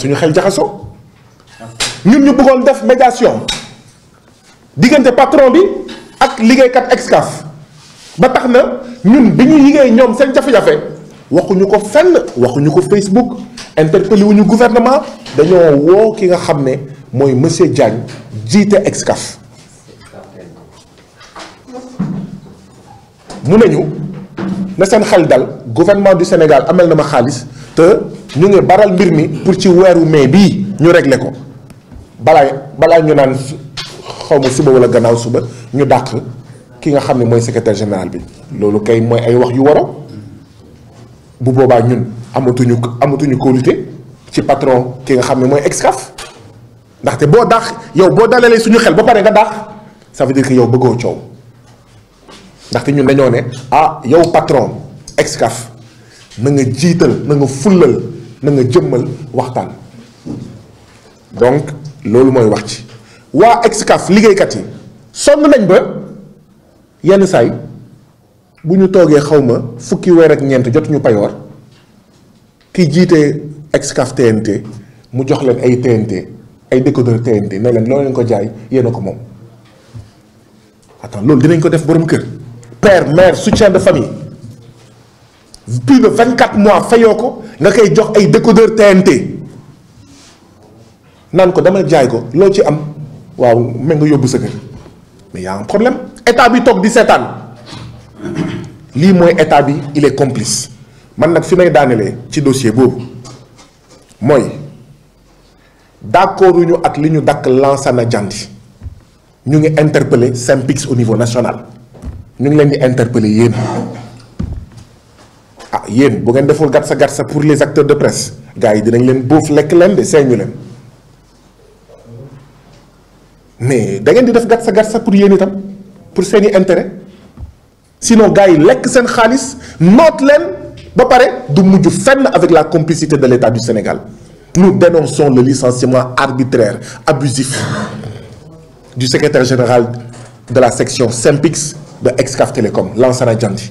suñu xel jaxasoo ñun ñu def médiation patron bi ak kat ba ñun Facebook interpellé wuñu gouvernement dañoo wo ki nga monsieur Diagne Excaf mu nañu na seen gouvernement du Sénégal amel na ma ñu ngi baral mbir pour ci wéru nous bi ñu régler ko ñu nan nous suba wala gannaaw suba ñu Nous ki nga moy secrétaire général bi lolu kay moy ay wax yu waro bu boba ñun amatuñu amatuñu qualité. ci patron ki nga nous moy Excaf té bo yow bo Nous suñu xel ba pare nga ça veut dire que yow nous ah yow patron Excaf nga na nga jëmmal waxtaan donc loolu mooy wax ci waa Excaf liggéeykat yi sonn nañ ba yenn saay bu ñu toogee xaw ma fukki weer ak ñeent jotuñu payoor ki jiite Excaf TNT mu jox leen ay TNT ay décodeur TNT ne leen loo leen ko jaay yéen ko moom. attends loolu dinañ ko def borom kër père mère soutien de famille plus de vingt quatre mois fayoo ko nakay jox ay décodeur TNT nan ko dama jaay ko lo ci am waaw me nga yóbbu sa kër mais y a un problème état bi tok di sétane li moy état bi il est complice man nak fi may daanelee ci dossier bobu moy d'accord ñu ak li ñu dakk Lansana jandi ñu ngi interpellé SYNPICS au niveau national ñu ngi leen di interpellé yéen ah yéen bu ngeen deful gat sa pour les acteurs de presse gars yi dinañ leen bouf lek leen de leen mais da ngeen di def gat sa pour yéen itam pour s'en intérêt sinon gars lek sen seen xaalis noot leen ba paré du muju fenn avec la complicité de l'État du Sénégal nous dénonçons le licenciement arbitraire abusif du secrétaire général de la section Sempix de Excaf Telecom, Lansana Diandji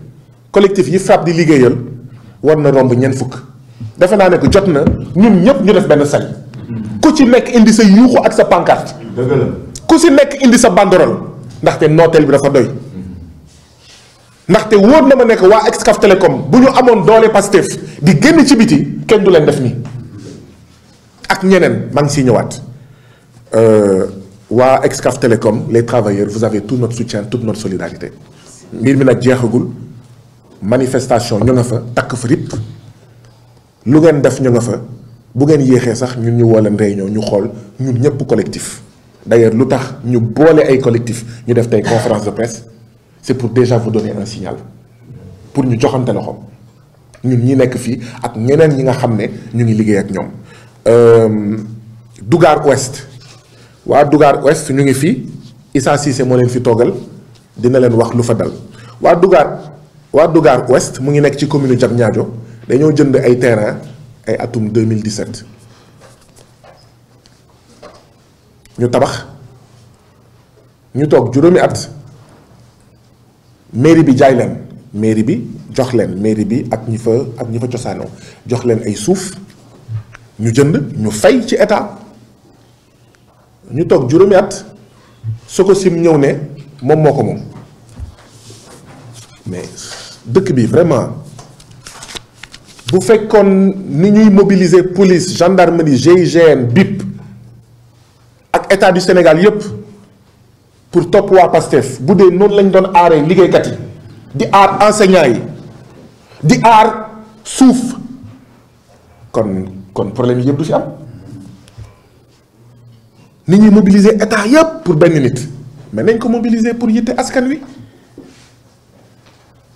collectif yi frappe di liggéeyal war na romb ñen fukk dafa na nek ko jot na ñun ñëpp ñu def ben sali ku ci nekk indi sa yuxu ak sa pancarte dëgg ku ci nekk indi sa banderole té notel bi dafa doy té wóor na ma nek wa Excaf Télécom bu ñu amoon doole Pastef di génn ci biti kenn du leen def ni ak ñeneen ma ngi siy ñëwaat euh, waa Excaf Télécom les travailleurs vous avez tout notre soutien toute notre solidarité mbir mi nag jeexagul manifestation, nous avons fait des frites. Nous avons fait des frites. Si vous avez nous avons fait des nous avons fait des collectifs. D'ailleurs, nous avons fait des collectifs, nous avons fait des conférences de presse. C'est pour déjà vous donner un signal. Pour nous donner un signal. Nous sommes là, ici, et nous sommes là, nous sommes nous sommes là. Euh, Dougar Ouest. Oui, Dougar Ouest, nous sommes là. Issa Sissé, nous sommes là, nous sommes là. Nous sommes là, nous sommes là. Dougar Ouest waa Dougar Ouest qui est dans ci commune jënd ay terrain ay en 2017 Nous tabax ñu tok at mairie bi jaay mairie bi jox len mairie bi ak ñi fa ak ñi fa cosaanoo jox nous ay ñu jënd ñu fay ci état ñu at mais dëkk bi vraiment bu faites ni ñuy mobiliser police gendarmerie GIGN BIP ak état du Sénégal yépp pour topp waa PASTEF bu dee noonu lañ doon arrêt, liggéeykat yi di aar enseignants yi di aar suuf kon kon problème yi yëpp du am ni mobiliser état yépp pour ben nit mais nañ ko mobiliser pour yitte askan wi.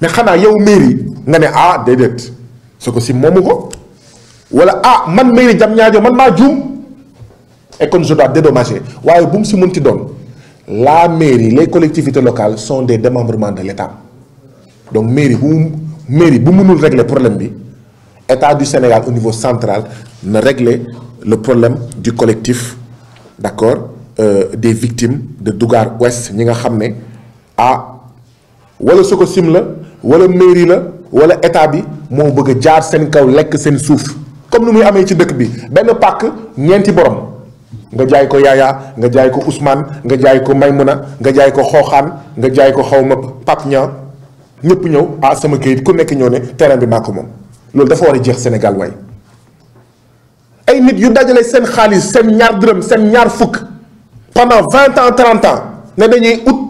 mais xanaa yow mairie nga ne ah déedéet soo que si moomu ko wala ah man mairie Diamniadio man ma djum et comme je dois dédommager waye bu si ti la mairie les collectivités locales sont des démembrements de l'État donc mairie bu mairie bu mënul régler problème bi État du Sénégal au niveau central ne régler le problème du collectif d'accord euh, des victimes de Dougar Ouest ñi nga xam ne ah wala wala mairie la wala état bi moo bëgg jaar seen kaw lekk seen suuf comme ni muy amee ci dëkk bi benn pàkk ñeenti borom nga jaay ko Yaya nga jaay ko Ousmane nga jaay ko Maymuna nga jaay ko Xooxaan nga jaay ko xaw ma Pape Niang ñëpp ñëw a ah, sama këyit ku nekk ñëw ne terrain bi maa ko moom loolu dafa war a jeex Sénégal waaye ay nit yu dajale seen xaalis seen ñaar dërëm seen ñaar fukk pendant vingt ans trente ans ne dañuy ut.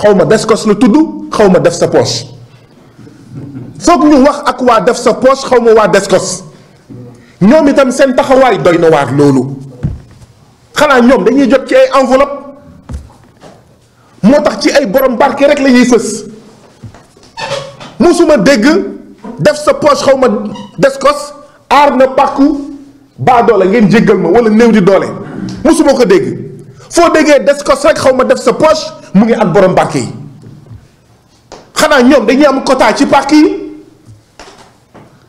xaw ma deskos la tudd xaw def sa poche foog ñu wax ak wa def sa poche xaw wa waa deskos ñoom itam sen taxawaay doyna war lolu xala xanaa ñoom dañuy jot ci ay enveloppe motax ci ay borom barké rek lañuy ñuy musuma dégg def sa poche xaw ma deskos aar na pàkku baa doole ngeen jéggal ma wala néew di doole musuma ko dégg foo déggee deskos rek xaw def sa poche mu ngi ak borom banque yi xanaa ñoom dañuy am quota ci parki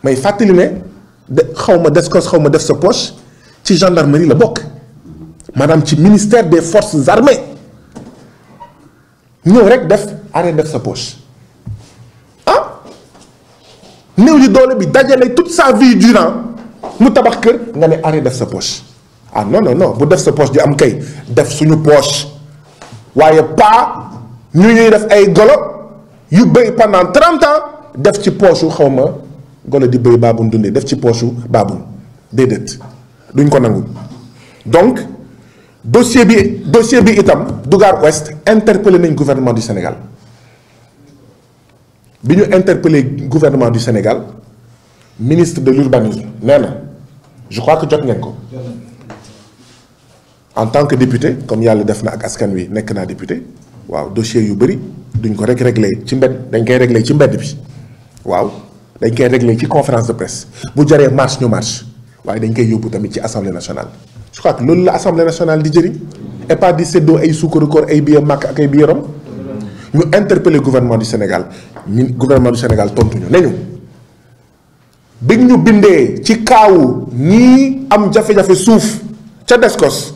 mais may que ne de des poche ci gendarmerie la bokk Madame, ci ministère des forces armées nous rek def arrêt def sa poche ah néew li doole bi dajale toute sa vie durant mu tabax keur nga ne arrêt def sa poche ah non non non bu def sa poche di am poche. Waye pas nous ñuy def ay golo yu pendant 30 ans def ci poosu xawma golo di béy babu dundee def ci poosu baabun déedéet duñ ko nangul. donc dossier bi dossier bi itam Dugar Ouest interpellé le gouvernement du Sénégal nous ñu le gouvernement du Sénégal ministre de l'urbanisme je crois que jot ngeen ko en tant que député comme Yalla Defna ak askan wi nek na député waaw dossier yu bëri duñ ko rek réglé ci mbedd dañ koy réglé ci mbedd bi waaw dañ koy réglé ci conférence de presse bu jaree marche ñu marche waaye dañ koy yóbbu tamit ci assemblée nationale. je crois que loolu la assemblée nationale di jëriñ et pas di séddoo ay sukkaru koor ay biir màkk ak ay biiram ñu interpellé gouvernement du Sénégal ñun gouvernement du Sénégal tontu ñu ne ñu bi ñu bindee ci kaawu ñii am jafe-jafe suuf ca Descos.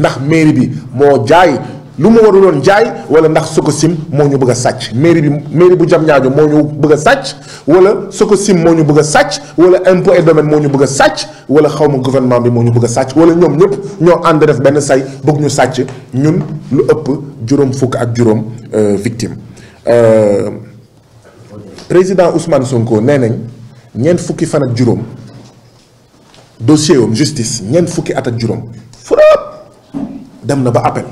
ndax mairie bi moo jaay lu mu waruloon jaay wala ndax Sococim moo ñu bëgg a sàcc mairie bi mairie bu Diamniadio moo ñu bëgg sàcc wala Sococim moo ñu bëgg a sàcc wala impôt et domaine moo ñu bëgg sàcc wala xaw ma gouvernement bi moo ñu bëgg sàcc wala ñoom ñëpp ñoo ànd def benn say bëgg ñu sàcc ñun lu ëpp juróom fukk ak juróom euh, victime euh, président Ousmane Sonko nee nañ ñeent fukki fan ak juróom dossier am justice ñeent fukki at ak juróom. dem na ba appel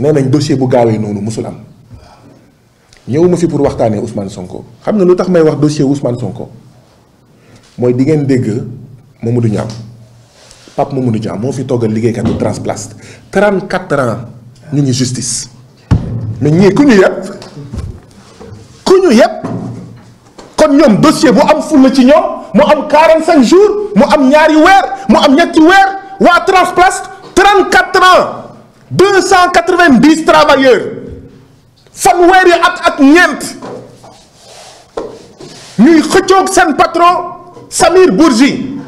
nee nañ dossier bu gaawee noonu musul am ñëw ma fi pour waxtaanee Ousmane Sonko xam nga lu tax may wax dossier Ousmane Sonko mooy di ngeen dégg Mamadou Niang Pape Mamadou Niang moo fi toggal liggéeykatu Transplast 34 ans ñu ngi justice mais ñii ku ñu yëpp ku ñu yëpp kon ñoom dossier bu am fulla ci ñoom mu am 45 jours mu am ñaari weer mu am ñetti weer waa Transplast 34 290 travailleurs quatre travailleurs at ak Nous patron Samir Bourgi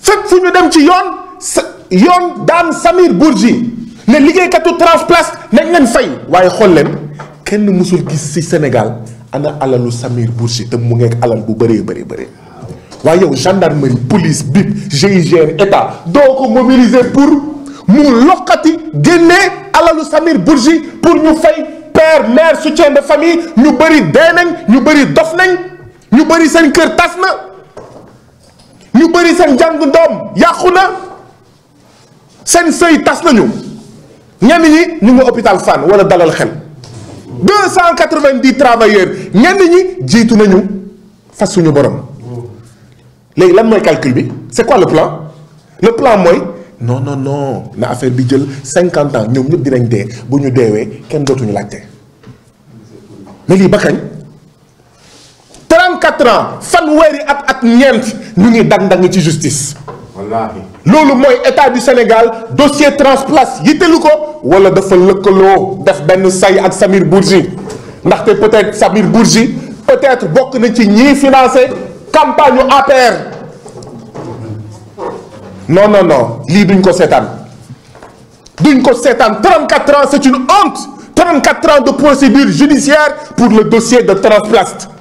faites fu ñu dem ci Les Samir Bourgi ne liggéeykatu Transplace nañ fay waaye xool nous kenn qui gis au Sénégal ana alalu Samir Bourji te mu ngeeg alal gendarmerie police BIP GIGN état Donc, mobilisé pour mu loqati génnee alalu Samir Bourgi pour ñu fay père mère soutien de famille ñu bëri dee nañ ñu bëri dof nañ ñu bëri seen kër tas na ñu bëri seen jàng doom yàqu na seen sëy tas nañu ñenn ñi ni ngi hôpital san wala dalal xel deux cent travailleurs ñenn ñi jiitu nañu fas suñu borom léegi lan mooy calcul bi c'est quoi le plan le plan moi non non non na affaire bi 50 ans nous avons dinañ dé bu ñu déwé kenn mais 34 ans at ak ñeent ñu ngi dang ci justice. wallahi lolu état du Sénégal dossier transplace y wala dafa def ben say ak Samir Bourgi té peut-être Samir Bourgi peut-être Bok na ci financé campagne APR non non non Li duñ ko D'une duñ ko 34 ans c'est une honte 34 ans de procédure judiciaire pour le dossier de transplaste.